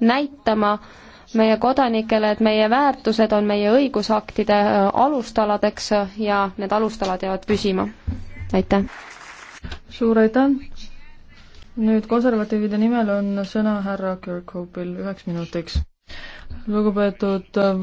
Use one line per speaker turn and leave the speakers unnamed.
näitama meie kodanikele, et meie väärtused on meie õigusaktide äh, alustaladeks ja need alustalad jäävad püsima. aitäh! suur aitäh!
nüüd konservatiivide nimel on sõna härra Kirkhoopil üheks minutiks.
lugupeetud